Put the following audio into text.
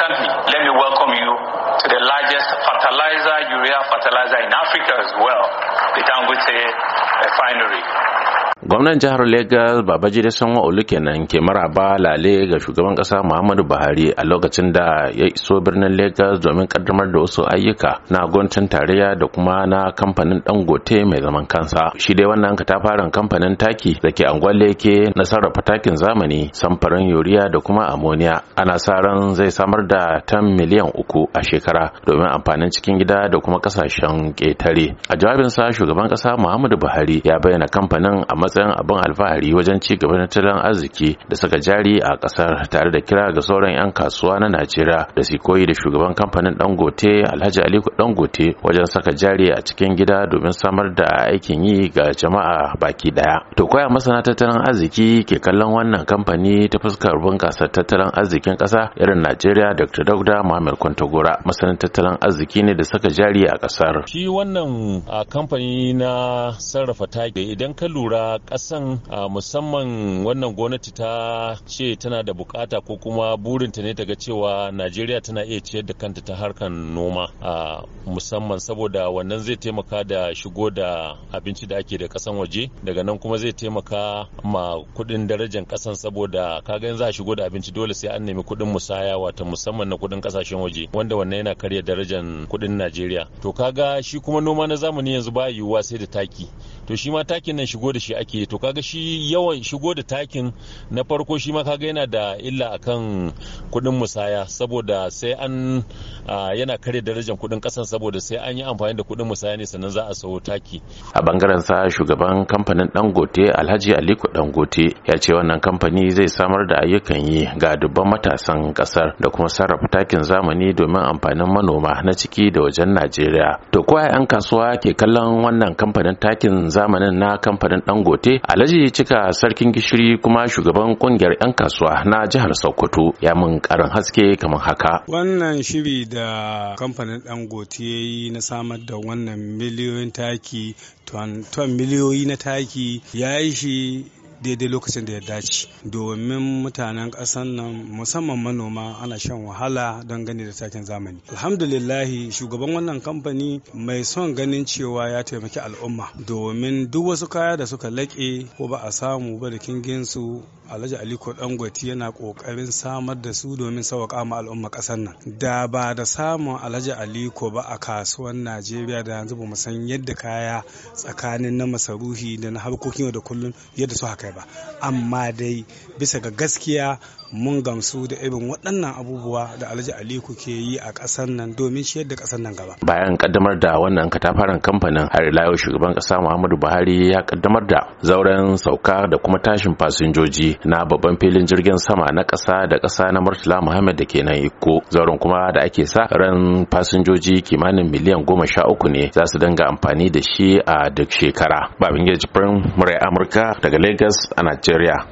Importantly, let me welcome you to the largest fertilizer, urea fertilizer in Africa as well, the Dangote refinery. gwamnan jihar lagos babajide sanwa olu kenan ke maraba lale ga shugaban kasa muhammadu buhari a lokacin da ya iso birnin Legas domin kaddamar da wasu ayyuka na gwamnatin tarayya da kuma na kamfanin dangote mai zaman kansa shi dai wannan katafaren kamfanin taki da ke anguwar leke na sarrafa takin zamani samfarin yuriya da kuma amoniya ana sa ran zai samar da tan miliyan uku a shekara domin amfanin cikin gida da kuma kasashen ƙetare a jawabinsa shugaban kasa muhammadu buhari ya bayyana kamfanin a matsayin matsayin abin alfahari wajen ci gaba na tattalin arziki da saka jari a kasar tare da kira ga sauran 'yan kasuwa na najeriya da su koyi da shugaban kamfanin dangote alhaji aliko dangote wajen saka jari a cikin gida domin samar da aikin yi ga jama'a baki daya to koya masana tattalin arziki ke kallon wannan kamfani ta fuskar bunƙasa tattalin arzikin kasa irin najeriya dr dauda muhammad kwantagora masanin tattalin arziki ne da saka jari a kasar shi wannan kamfani na sarrafa taki idan ka lura kasan musamman wannan gwamnati ta ce tana da bukata ko kuma burinta ne daga cewa najeriya tana iya ciyar da kanta ta harkar noma a musamman saboda wannan zai taimaka da shigo da abinci da ake da kasan waje daga nan kuma zai taimaka ma kudin darajar kasan saboda kaga yanzu a shigo da abinci dole sai an nemi kudin musaya wata musamman na kudin kasashen waje wanda wannan yana karya darajar kudin najeriya to kaga shi kuma noma na zamani yanzu ba yiwuwa sai da taki to shi ma takin nan shigo da shi ake take to kaga shi yawan shigo da takin na farko shi ma kaga yana da illa akan kudin musaya saboda sai an yana kare darajar kudin kasan saboda sai an yi amfani da kudin musaya ne sannan za a sayo taki a bangaren sa shugaban kamfanin dangote alhaji aliko dangote ya ce wannan kamfani zai samar da ayyukan yi ga dubban matasan kasar da kuma sarrafa takin zamani domin amfanin manoma na ciki da wajen najeriya to ko 'yan kasuwa ke kallon wannan kamfanin takin zamanin na kamfanin dangote sokoto alhaji cika sarkin gishiri kuma shugaban kungiyar 'yan kasuwa na jihar sokoto ya mun karin haske kamar haka wannan shiri da kamfanin dangote ya yi na samar da wannan miliyoyin taki ton miliyoyi na taki ya yi shi daidai lokacin da ya dace domin mutanen ƙasar nan musamman manoma ana shan wahala don gani da takin zamani alhamdulillahi shugaban wannan kamfani mai son ganin cewa ya taimaki al'umma domin duk wasu kaya da suka laƙe ko ba a samu ba da kingin su alhaji aliko dangote yana ƙoƙarin samar da su domin sauƙa ma al'umma ƙasar nan da ba da samun alhaji aliko ba a kasuwan najeriya da yanzu ba mu san yadda kaya tsakanin na masaruhi da na harkokin yau da kullum yadda su haka kai ba amma dai bisa ga gaskiya mun gamsu da irin waɗannan abubuwa da alhaji aliku ke yi a ƙasar nan domin ciyar da ƙasar nan gaba bayan kaddamar da wannan katafaren kamfanin har ila yau shugaban ƙasa muhammadu buhari ya kaddamar da zauren sauka da kuma tashin fasinjoji na babban filin jirgin sama na ƙasa da ƙasa na murtala muhammad da ke nan iko zauren kuma da ake sa ran fasinjoji kimanin miliyan goma sha uku ne za su dinga amfani da shi a duk shekara babin gajibirin murai amurka daga lagos a Najeriya.